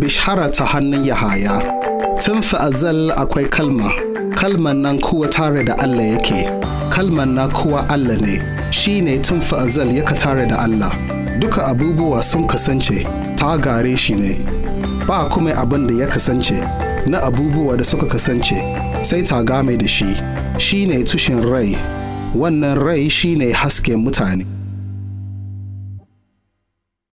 bishara ta hannun Yahaya. Tun fa'azal akwai kalma, kalman nan kuwa tare da Allah yake, kalman na kuwa Allah ne, shi ne tun fa'azal yaka tare da Allah. Duka abubuwa sun kasance, ta gare shi ne, ba kuma abin da ya kasance, na abubuwa da suka kasance, sai ta game da shi, shi ne tushen rai, wannan rai shi ne hasken mutane.